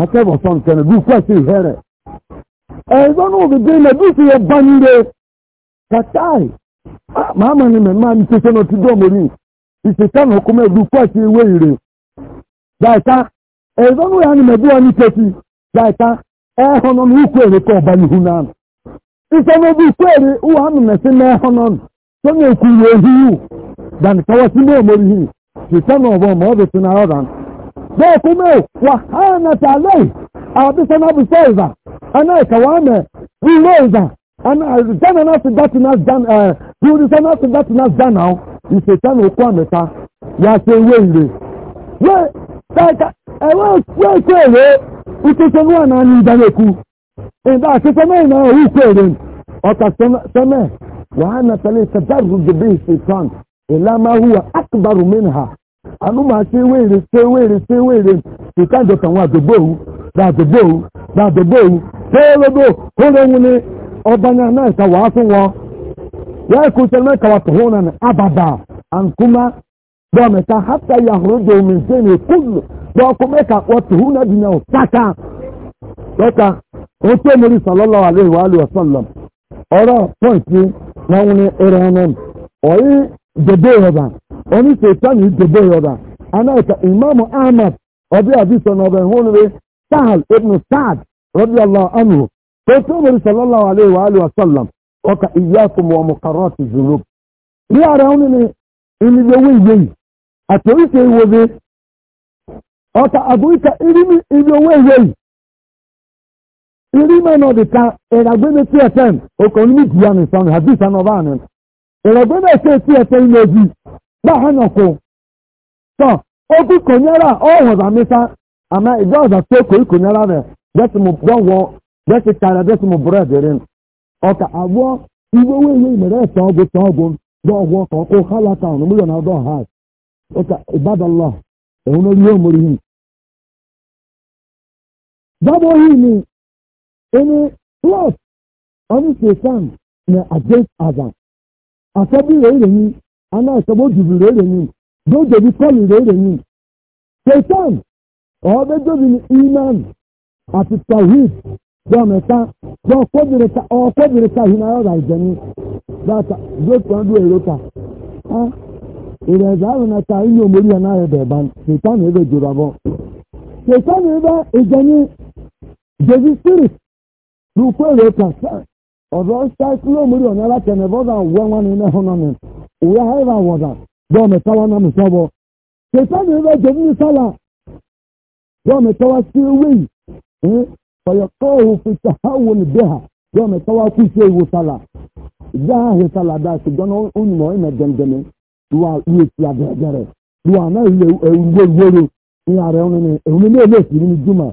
àtẹ́bọ̀ sọ́n kẹ́nà bí kwẹ́sì ìhẹ́rẹ̀ ẹ̀gbọ́n náà òbí dé ilẹ̀ bí sì yẹ bá nílé kàtáì màámà ni mẹ́mà ní tẹ́sán náà ti dọ́ọ̀mù rí ìṣètàn ọkùnrin ẹ̀dùn kwẹ́sì ìwé ìrè dáìta ẹ̀gbọ́n náà yà ni mẹ́bí wọn ní tẹ́sí dáìta ẹ̀họ́n náà ní ukú èrè kọ́ ọba nìhu náà ìṣẹ́n náà bí ukú èrè wà á mẹ́sí mẹ́họ́n náà sọ́nà èkú ìwé ìhú dànìkàwọ́sí náà mọ́rí bẹ́ẹ̀ kú mẹ́ wàhánà tààlẹ́ àbísọ́nà àbísọ́ ìzà aná ìkàwámẹ́ ilé ìzà jẹ́nà náà ti dátì náà jẹ́nà ẹ̀ bíorísẹ́ náà ti dátì náà jẹ́nà ọ́ ìṣètẹ́nà òkú àmẹ́ta yà ṣe ewé ìrè ẹ̀wọ́ ìkú èrè ìtúnṣe ní àná ní ìdánilẹ́kù ìdá àtúnṣe mẹ́rin náà òwú ìkú èrè ọ̀tà anụmanụ si were si were si were sika njọ ka nwa adogbowu na adogbowu na adogbowu teologo na ka wa ya kutere na ka wa tụhụ na ababa ankuma dọọme ka hata hapụta hụrụ dị omi nke na mee ka ọ tụhụ na dị na otu wa ọrụ ọnụ debe oni seitan yi dobe yoda anaita imamu ahmad ọdí àdìsọ na ọbẹ̀ ìhún rẹ̀ sahal ibn saad rọ́bí allah anu tó tó mọ̀rí sallallahu alayhi wa alayhi wa sallam ọkà ìyáàkùn wọn mọ̀kàrọ̀ ti zùlọ. bí ara wọn ni ìnìyẹ owó ìwé yìí àtẹ̀wíṣe ìwé bi ọkà àbúríkà ìrìmì ìwé owó ìwé yìí ìrìmì náà di ka ìràgbẹ́ni tí ẹ̀tẹ̀ ọkọ̀ onímì jìyà nìsan àdìsọ náà bá ní ìràgbẹ́ni tí ẹ̀tẹ̀ gbahanyọkwụ tọ oku konyere ọ hụrụ amịsa ama ịjọ ọza tụọ kori konyere rẹ desimu dọwọ desi tara desimu bred rẹ ọka abụọ iwe wee mere ete ọgwụ te ọgwụ dọwọ ka ọkụ halata ọnụ milion ọdọ ha ọka ịbadala ewu na e ihe omori hi dabo hi ni ene plus ọnụ sesan na ajes aza asabi rẹ ire ni anaghịsogbojubu rereni dojebi kọli rereni setan ọbejobili iman àti tawhid dọ́mẹ̀ta ọkọ́bìnrinta yìí náà yọ̀dà ìjẹni dáta gbẹ́tù ọdún èròta ìrẹ̀zà àrùnàta inú omori ẹ̀ náà yọ̀dà ẹ̀bá ṣètàn ẹ̀bẹ̀ jùlọ bọ́ ṣètàn ẹ̀bẹ̀ ìjẹni jẹbi spirit lùkú èròta ọzọ saikulu omori onyala kene bọza awụwa nwa na inehu na nị uwe ha ịra wọza dọmetawa na mụsọbọ keta na ebe jebe n'isala dọmetawa si ewei ọyọkọ òfìsà ha wo ni bẹ ha dọmetawa kwụsị ewu sala ìdí ha sala da ṣùgbọ́n onímọ̀ ìmẹ̀ ewu ewu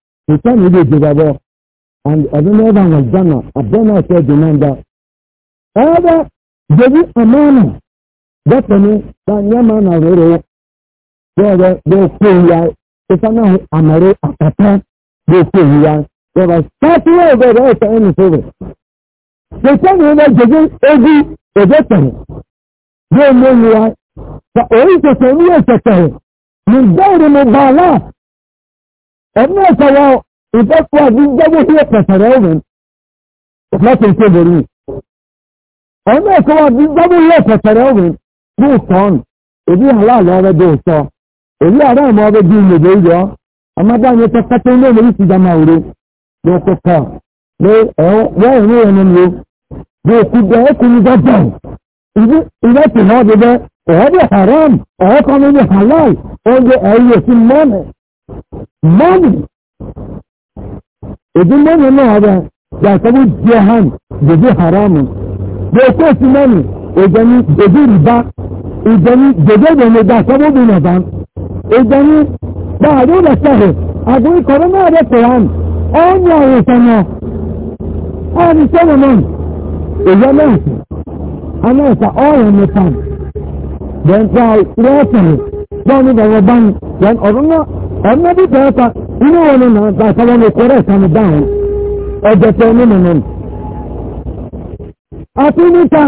nǹkan mi lè jìgbà bọ and ọdún mẹ́ta àwọn ìjànà àbẹ́nà ọ̀sẹ̀ dìnnàdà. ọ̀rọ̀ jẹ̀bi àmọ́nà bẹ́ẹ̀ ni báyẹ̀mà nà rere bẹ́ẹ̀ bẹ́ẹ̀ kó ìyá ìfọ̀nà àmọ́rẹ́ àkàtà bẹ́ẹ̀ kó ìyá bẹ́ẹ̀ sọ́ọ́tì wọ́n bẹ́ẹ̀ bẹ́ẹ̀ sọ ẹni sọ́rọ̀. nǹkan mi lè jẹ̀bi egu ẹ̀jẹ̀ tẹ̀rẹ̀ bẹ́ẹ̀ mú ìyá orí kẹsàn-án ní ẹ̀sẹ̀ tẹ̀rẹ̀ ní bẹ́ẹ̀ ni mo bá a láà ẹnu ọ̀sẹ̀ wọ ìbẹ́pọ̀ àbí jẹ́gbẹ́ sí ẹ̀pẹ̀sẹ̀rẹ̀ ẹ̀wọ̀n láti ṣe bẹ̀rù ẹnu ọ̀sẹ̀ wọ àbí jẹ́gbẹ́ sí ẹ̀pẹ̀sẹ̀rẹ̀ ẹ̀wọ̀n ní ìtọ́n èdè aláàlọ́ ọ̀rẹ́ bí ìtọ́ èyí àrẹ ọmọ ọ̀rẹ́ bí ilẹ̀ bẹ́ẹ̀ yọ ọmọdáyé pẹ́pẹ́tẹ́ ilé ìlú ti dáná òru ló kọ́kọ́ pé wọ́n ìwé ẹni ni bí òkú mọ́nì èdè mọ́nì náà rẹ̀ yàtọ̀wọ́ jẹ́ hàn gbèdé haramu gbèsè sí mọ́nì ìjẹni gbèdé rìbá ìjẹni gbèdé ìrìnlẹ̀ dàtọ̀wọ́ bí nàbà ìjẹni báàrí lẹ́sẹ̀rẹ̀ àgbẹ̀ ìkọ̀rọ̀ náà rẹ̀ pẹ̀lán ọ̀nyà ìsọ̀nà ọ̀nì sọ̀nà náà èyí ọlọ́ọ̀sì aláìsà ọ̀rọ̀ nìkan bẹ̀ntà rẹ̀ pẹ̀lú bọ́ọ̀nì bẹ̀rẹ̀ báyìí ọ̀rọ̀ náà ọ̀nà bí bẹ́ẹ̀ fa inú wọn ni nà bá sábà ní kọ́rẹ́ ìsàmì dáhùn ọjọ́ tẹ ní nìyẹn. àti níta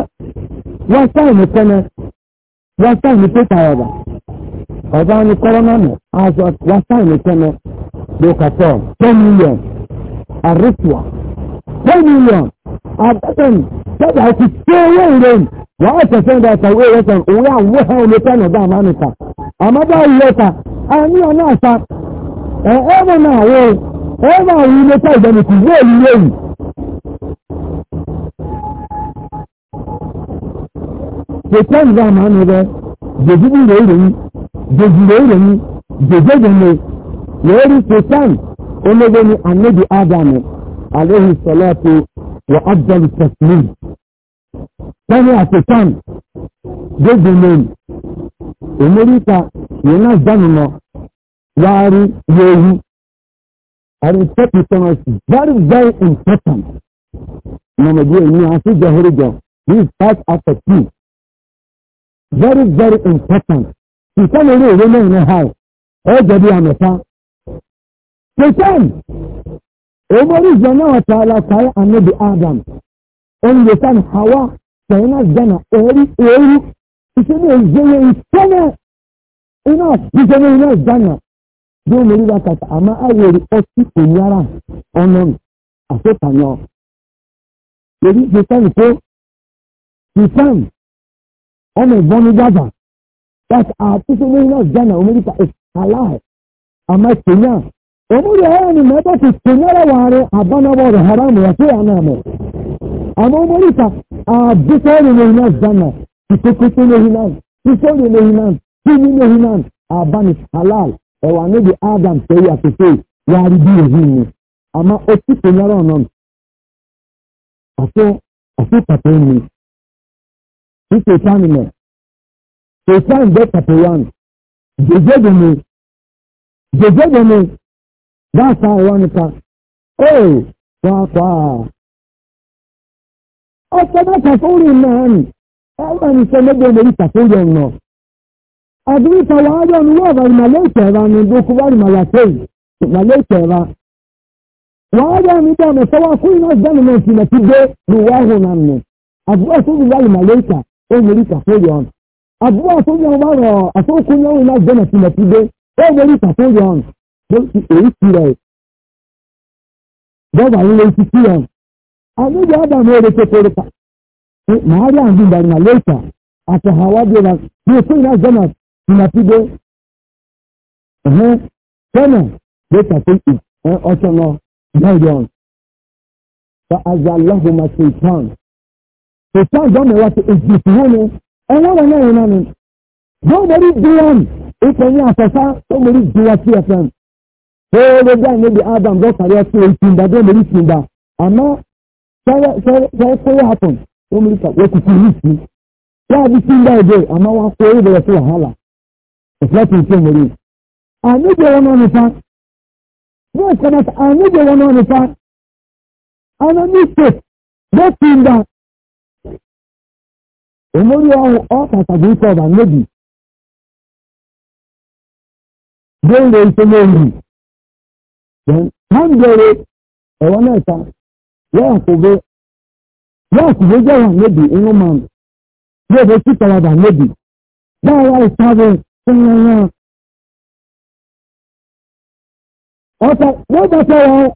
wọ́n sáìnì kọ́nẹ́ wọ́n sáìnì pété ọ̀bà ọ̀bá ní kọ́rọ́nà nù àzọ wọ́n sáìnì kọ́nẹ́ lókàtọ̀ ten million àrísùà ten million àbẹ̀tẹ̀n tẹ́jà òkú tí owó ìrẹ́yìn wọ́n á tẹ̀sẹ̀ ń dá ẹ̀ta owó ìrẹ́sẹ̀ òun yà wọ́ ẹ̀ ọ́ lókàtọ̀ náà dáhùn àmì ta àmọ́ bá yẹ ta àní ọ̀nà àṣà ẹ̀ẹ́mọ̀ náà wọ́ ẹ̀ẹ́mọ̀ àwọn ilé tá ìdẹ́nìkù wọ́ ìlú èyí ṣètò ìgbà máa ń rẹ jòjúbù rẹ̀ ìròyìn jòjù rẹ̀ ìròyìn jòjòjòmọ̀ yóò rí ṣètò olóògbé ni àmẹ́bí ádámù àléhì sọlọ́ọ̀tì wọ abdul tẹ̀sílì sẹ́yìn àṣetán jòjòmọ̀ èmóríta ìyẹn náà jáde lọ wàá rí yẹwu àrùn tẹkítọ́nọ̀sì very very important nàmọ̀dé ẹ̀yìn àti jẹ́hóríjọ this part of the very very important ìtọ́nà orí òwe náà ní ha ẹ jẹ̀bi àmọ̀fá ṣèṣẹ́n òmòrí ìjọ náà tààlà káyà àmì adam ẹnìyẹ̀sán hawa sẹ̀yìn náà jẹ́nà ẹ̀rí ẹ̀rí ìṣẹ́lẹ̀ ìjẹ́yẹ ìṣẹ́lẹ̀ iná jíjẹ ní iná ìjánà bí ó mórí bá kàtà àmọ́ àwòrán ọtí òyìnbára ọ̀nà àṣetànà èyí jìtàn tó jìtàn ọmọ ìbọn ní gbàgbà that àtúntò ní iná ìjánà omíríkà ìkàláì àmọ́ kenya omúri ẹ̀yà ni mẹ́tọ́ ti kenyara wàárẹ̀ àbánáwọ̀rẹ̀ haram ẹ̀fẹ́ àná mẹ́ àmọ́ omíríkà àbíkọ́ ní iná ìjánà ìtòkòtò ní iná ìtòkòtò ní iná. Kíni ní Hinan abani Halal ẹ̀wà níbi Adam sẹ́yìn àtẹ̀tẹ̀ wà á rí bí òhun ni. Àmọ́ etí kò nyára ọ̀nà ọ̀fẹ́ ọ̀fẹ́ pàtó ni. Kí Sèkán nìyẹn. Sèkán bẹ́ pàtó wà ní. Jèjé dè ní. Jèjé dè ní. Dáàsá ẹ̀wà nìkan. wà kọ́ Ọ̀sẹ̀ náà kàkó rí mọ́ ẹ̀ ẹ̀ wà ní sẹ́ni bẹ́ẹ̀ lórí kàkó yẹn náà abin tawaga ni wa bari malaika ba ni doku bari malakai malaika ba waga na tibe wa ho na me abu aso bi bari malaika o meri ka fo yon abu aso bi ba ro aso ku ni ina da me si na tibe o meri ka fo yon do si e ti re do ba ni le ti ti yon ani da da me re ko ko ka ma ya ndi bari malaika ata ni ku ina da mọ̀tídé ọ̀hún tọ́nà lẹ́tà tó kù ẹ̀ ọ̀ṣọ́ lọ gbọ́ngàn fa azalahuma sultan sultan gbọ́mọ̀ wá sí èjì no, ni ẹ̀wọ́n wọn náà yẹn náà ni gbọ́mọ̀rí diwọn ìpè ní àfẹ́fá gbọ́mọ̀rí diwọn sí ẹ̀fẹ́m fẹ́ẹ́rẹ́ bí àyẹ̀bí adam lọ́kàrí ọtí ìtìǹda gbọ́mọ̀rí ìtìǹda àmọ́ fẹ́ẹ́ fẹ́ẹ́ happen gbọ́mọ̀rí kà wọ́n kùkù ní ìsìn wọ́n á bí sí ń bá ẹ̀jẹ̀ àmọ́ wọ́n á kó ẹ̀rẹ́ fún wàhálà ìfúláṣí ìṣe mèrè àníjẹ wọn náà nípa wọn kọ́nà àníjẹ wọn náà nípa anamíṣe lẹ́tì ìgbà òmórí ọ̀hún ọ̀kàtàkì ìṣe ọ̀bà méjì déèrè ìṣe méjì hàndèrè ẹ̀wọ̀n náà ta yóò kúgbé yóò kúgbé jẹ́ wọn méjì inú mọ́ọ̀nù yóò fẹ́ sí tọ́wọ́ bà méjì báwo wá ìṣàbẹ̀ ọ̀pọ̀ wọ́n bá sọ̀rọ̀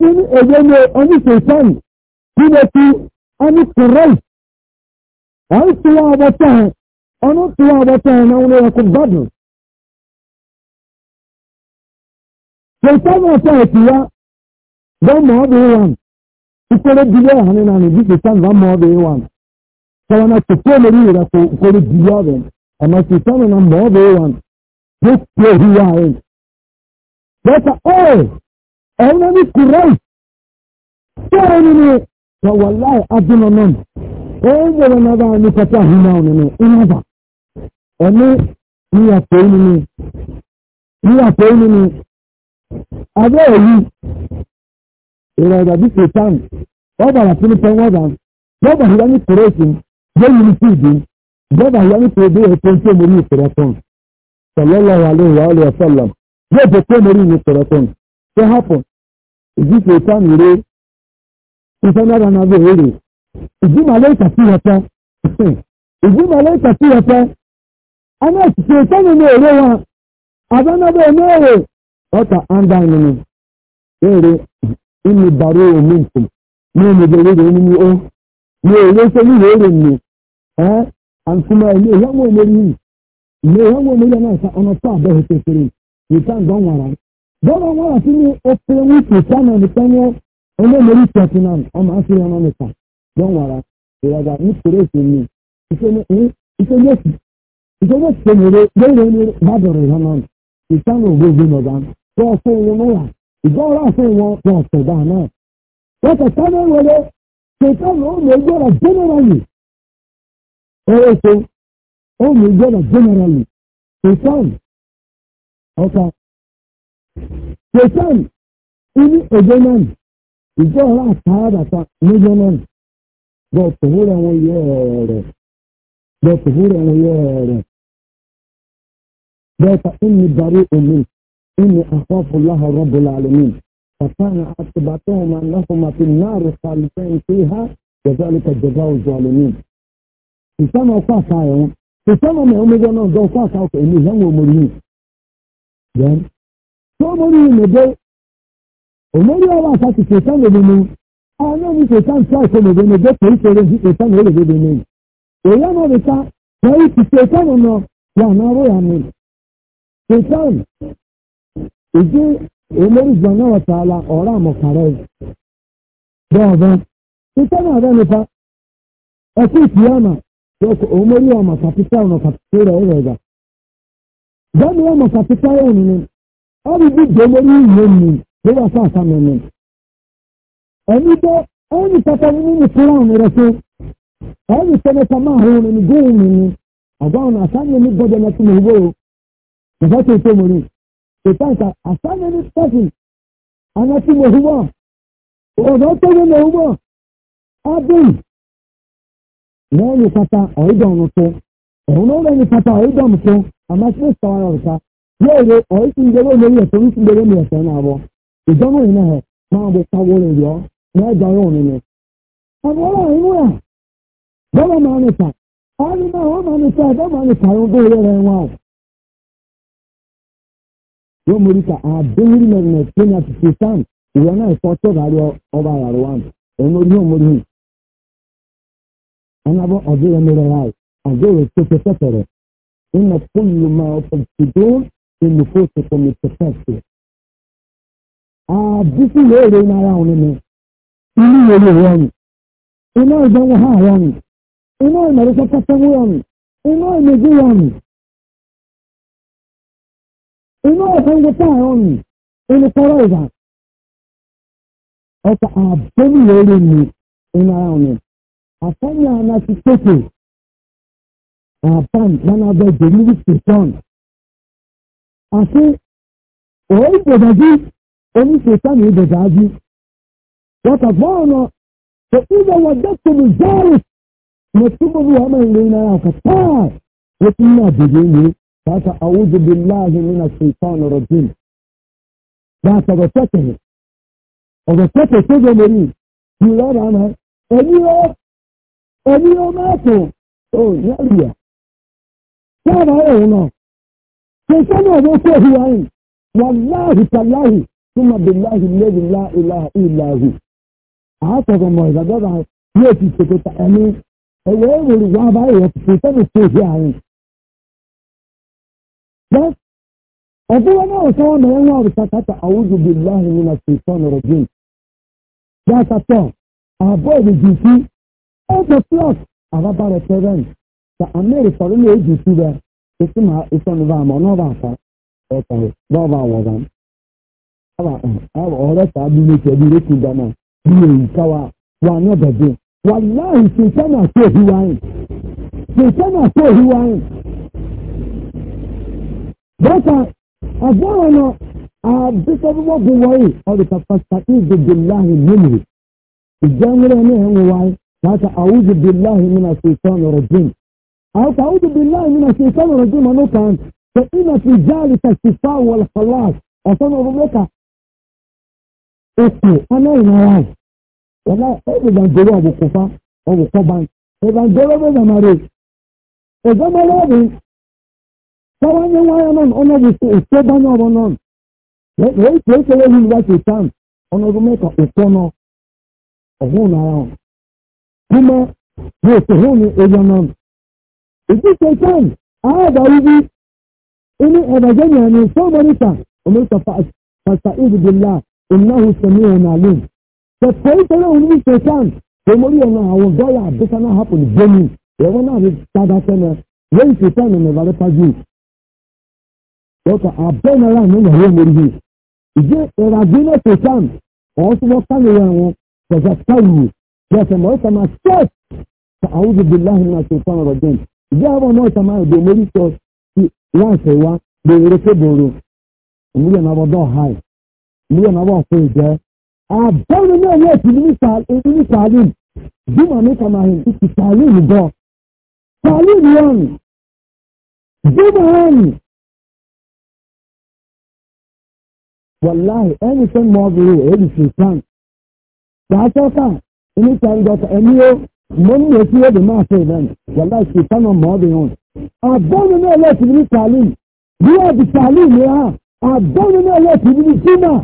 nínú èyí ni oníṣẹ̀ṣẹ́ni tí mo fi ọní kùrẹ́ì ọ̀n tí wọ́n ọbọ̀ sọ̀rọ̀ ọ̀nà tí wọ́n ọbọ̀ sọ̀rọ̀ náà wọ́n ẹ̀kọ́ gbọ́dọ̀. ṣèṣẹ́ni ọ̀sẹ̀ ẹ̀sì ya bẹ́ẹ̀ mọ́ ọ́bẹ̀ wọn ìkórè bílẹ̀ ọ̀hánínà nìbí ṣèṣẹ́ni bá mọ́ ọ́bẹ̀ wọn sọ̀rọ̀ náà kò tó lórí ìrẹ́kọ̀ọ́ ìkórè bílẹ̀ ọ̀bẹ̀ ọmọ sì sọnù na mbọ ọbẹ wọn bó tiẹ hu wá ẹ bẹta ọ ẹnna ní kurai sọrọ nínú sọ wàláì adúlọ nàm ó ń bọ̀rọ̀ náà bá ní pátá ahìnà nínú iná bà ọ̀ní níyàtọ̀ nínú níyàtọ̀ nínú abẹ́ èyí ìrọ̀ ìdàbí sèpán ọ̀bàrà fúnipẹ́ wọ́n bá wọ́n bá ní kurai sí yẹ́yìn sí ìdí bọ́dà yẹn tó dé ètò tí mo rí ìpẹ̀rẹ̀ kan sọlọ́lá wà lóyún wà lóyún sọlọ́m yóò tó tó mo rí ìpẹ̀rẹ̀ kan tó hàpọ̀ ìdíje ìtàn ìrè ìfẹ́nára náà bẹ̀ èrè ìjùmọ̀lẹ́ ìtàkì rẹpẹ́ ìjùmọ̀lẹ́ ìtàkì rẹpẹ́ ẹni òṣìṣẹ́ ìtàn ìrè èrè wa àbẹ́nàbẹ́ ìmọ̀ọ́rè ọ̀tà àǹdà ìnìyàn èrè ìmì ìbàrò òmìnkù ní ìmì ìbẹ̀rẹ̀ ìrè ní ó ní èrè ankuma ilé ìyáwó ìlérí yìí ilé ìyáwó ìlérí náà sa ọ̀nà na àbẹ̀wò kékeré nìkan gbọ́n wàrà gbọ́n wàrà sí ní ọ̀pẹ̀ wí kìkà náà nìkan yẹn ọlọ́mọrí tẹ̀sí náà ọmọ àṣírí ọmọ nìkan gbọ́n wàrà ìrọ̀gà ní kúrò mi Also, only God generally, Satan, okay, Satan, ini ejonan, ìjọ ọ̀rá àtàràdàta méjọ́nán, bọ̀ tòwúrẹ̀ wọn yẹ ẹ̀rẹ̀, bọ̀ tòwúrẹ̀ wọn yẹ ẹ̀rẹ̀. Bẹ́ẹ̀ta inni darí omi, inni àkọ́fù láhà rọ́bùlà àlùmí, kàtàna àti bàtọ́ ọmọ náà fún náà rẹ̀ sàlùfẹ́ ń pè ha, jẹ́sàlùkà jẹ́sàlùkà jẹ́sàlùkà nsɛm a ɔfa asa yɛ ho nsɛm a na ɛwɔ mɛgya naa ɔdɔn fa asa ɔkɔ ɛmu yɛn wɔ ɔmɔri yi yɛn sɛ ɔmɔri yi na ɛbɛ ɔmɔri a ɔba asa ti sɛsan na ɛmu a ɔnyɛ ɔmu sɛsan tí a sɛ na ɛbɛ na ɛbɛ pɛyi pɛyi nti sɛsan na ɛbɛ bɛ n'ayi ɔyɛ na ɔde sa pɛyi ti sɛsan na yɛ ana ɔrɔ yɛ ano sɛsan ɛdi ɔmɔri gbɔn na ɔtaala ɔrɔ amɔkara yi bɛɛ ɔbɛ sɛsan na Sasa umri wa makatika unakatikira urega. Dani wa makatika yenu. Ari bi domori yenu. Bila sasa mene. Ani de ani tata mimi kula ni rasu. Ani sema kama huni ni gumi. Agao na asanye ni boda na tumugo. Sasa tu muri. Sasa asanye ni tatu. Ana tumugo. Ozo tumugo. Abi. n'ọnyụkata ọịda ọnụtụ ọhụrụ ọnyụkata ọịda ọmụtụ amasịrị sọwara ọrụka ya ere ọịsị ndere omeri ẹsẹ ọrụsị ndere omeri na abụ ìjọba òyìnbó ẹ na bọ sáwọrọ na n'ẹjọ ọrọ ma àbúrò ìwé à bọ́lá ma nìta ọ̀rẹ́ náà ọ ka أنا أقول من الرأي أقول كيف تفرق إن كل ما تجدون في نفوسكم التفاصيل àbùkù lóore ní ara òun ni inú ìwòye wọn iná ìdánwò ha wọn iná ìmọ̀lẹ́sẹ̀ kẹsẹ̀ wọn iná ìmẹ̀jú wọn iná ìfọ̀ngọ̀tà wọn inú kọ́rọ̀ ìgbà ọ̀tọ̀ àbùkù lóore ní inú ara òun ni afanya anakitete aban nanabe jemili satan ase òun gbèdàgí oníṣètàn ìgbèdàgí wàtàgbọ́ọ̀nà tó ìgbà wà dẹ́kùnrin zẹ́rì mo túbọ̀ bí wàá máa ń lóyún náírà kàtàá ó tún ní àbèjì mi kàtà àwùjọ bí láàyè nínú sèǹtàn ọ̀rọ̀ jìn bàtà ọ̀rọ̀ tẹ̀tẹ̀ ọ̀rọ̀ tẹ̀tẹ̀ tó gbẹ̀mẹ̀rì ìrọ̀rùn àná ẹ̀yìn ọ́ ẹni ó máa kù ó yẹ́rì ẹ̀. Sáàbà òun náà, ṣe sọ́nà ọ̀dọ́ sí òhìwá yìí, wàláhì tàláhì tó máa bè láhì lẹ́yì láìláhì ìlàhì. Àátọ̀kọ̀ mọ̀ ìgbàgbọ́ra yóò ti ṣètò ẹni ẹ̀wẹ̀ èrò wà bá ìwọ̀ ṣe sọ́nà sí òhì àárín. Ọ̀dúnwá náà sọ wọn mẹ́rin wà rùsàkátà àwùjọ bè láhì nínú ṣe sọ́nà rẹ̀ ọ̀sẹ̀ plus àbábá rẹ̀ parent ta amẹ́ríkà ló lè jù sí bẹ́ẹ̀ kò sí máa ìsọ̀nù bá àmọ́ náà bá fa ẹ̀ka rẹ̀ náà bá wọ̀ dán. ọ̀rẹ́ ta bí lè tẹ̀lé lókun dáná bí èyí káwa wà ní ọ̀bẹ̀ dé wà láì ṣèṣẹ́ náà tó òhì wáyìn ṣèṣẹ́ náà tó òhì wáyìn. bọ́tà àgbọ̀rọ̀ náà àdìsọ́dúnwọ́gùn wáyé ọ̀rẹ́ pàpàṣà ìgbègbè láàrin mímu ìjẹun rẹ̀ náà ń wáyé haka a'udhu billahi minash shaitani rajim au a'udhu billahi minash shaitani rajim anokan fa inna fi dhalika shifa wal khalas asana rubuka oko ana inawa wala ebe banjoro abukufa abukufa ban ebe banjoro be zamare ebe malabi sawanye nwaya non ona bu se ese banye obo non wei kwe kere hin wa shaitan ona rubuka oko no ọhụụ na ara mímọ́ bí òṣèlú ní ẹyọ náà. Ìdí ṣẹ̀tàn àádọ́ wíwí inú ẹ̀dàgẹ́nì àmì sọ́mọ́nìkà ọmọnìkà fàṣà ìdìbìlà ìnáwó sẹ̀mí ọ̀nà àlùm. Ṣẹ̀tàn ìṣẹ̀lẹ̀ òun ní ṣẹ̀tàn tó mórí ọ̀nà àwọn gọ́yà àbúkà náà hapò ní gbẹ́mí ẹ̀wọ́n náà rí dáadáa tẹ́lẹ̀ lẹ́yìn ṣẹ̀tàn ní ìbàdàn pàjù. Dọ́kà àbẹ́ náírà ní ìyàwó mórí yìí. Ìjẹ́ ìràgbé náà ṣẹ̀tàn ọ̀ yẹsẹ mọ ọsàn máa ṣẹẹt ṣe àwùjọ bíi láhùn náà ṣe fún ọrọ dẹn ìjọ àwọn ọmọ ọsàn máa dè mórí sọ sí láǹṣẹ wa bèrè pé bòrò ìmúlẹ̀ náà bọ̀ dán hàì ìmúlẹ̀ náà bọ̀ fún ìjẹ́ àbọ̀rún náà yóò ti ní sàálìm bímọ mi kà máa hìn ti sàálìm bọ̀ sàálìm yẹn bímọ yẹn wàláhì ẹni sẹ́ni mọ́ ọ́ ini kan da ta emiyo mun ne shi da ma sai nan wallahi shi kana ma da yon abon ne Allah ti bi talim biya bi talim ya abon ne Allah ti bi sima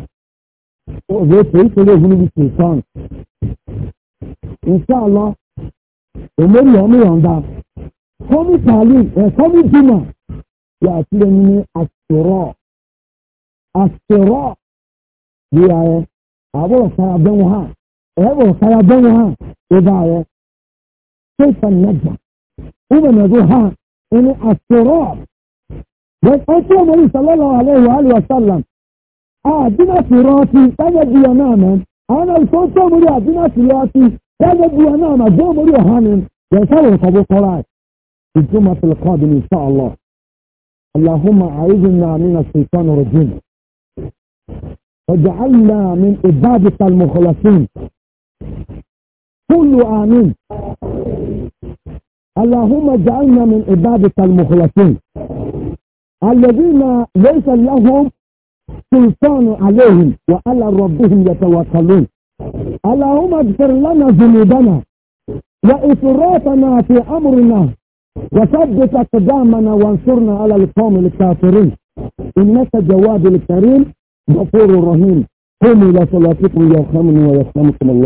o ve sai ko le hunu bi san insha Allah o mo yo mi yon da ko mi talim e ko mi sima ya ti le ni asiro asiro biya e eh, abo sara ẹ̀wọ̀n farabẹ́wọ̀n hàn ìbá rẹ̀ kéfà nàgbà ìbànàgbò hàn ẹni àtọ̀rọ̀ bẹ́ẹ̀ ọtí ọmọ yìí sàlọ́lá àlẹ́wò àlùwà sàlám àdínà sí rọ́ọ̀tì táyà bí wọn náà mọ́ àwọn náà sọ ọtí ọmọ yìí àdínà sí rọ́ọ̀tì táyà bí wọn náà mọ́ àgbọ̀ ọmọ yìí hàn ní yẹn sáwọn nǹkan bó kọ́ra ìjọba tó kọ́ bí nìṣá ọlọ́ اللهم أعيذنا من الشيطان الرجيم وجعلنا من عبادك المخلصين قل آمين اللهم اجعلنا من عبادك المخلصين الذين ليس لهم سلطان عليهم وعلى ربهم يتوكلون اللهم اغفر لنا ذنوبنا وإسراتنا في أمرنا وثبت أقدامنا وانصرنا على القوم الكافرين إنك جواد الكريم غفور رحيم قوموا إلى صلاتكم يرحمني ويرحمكم الله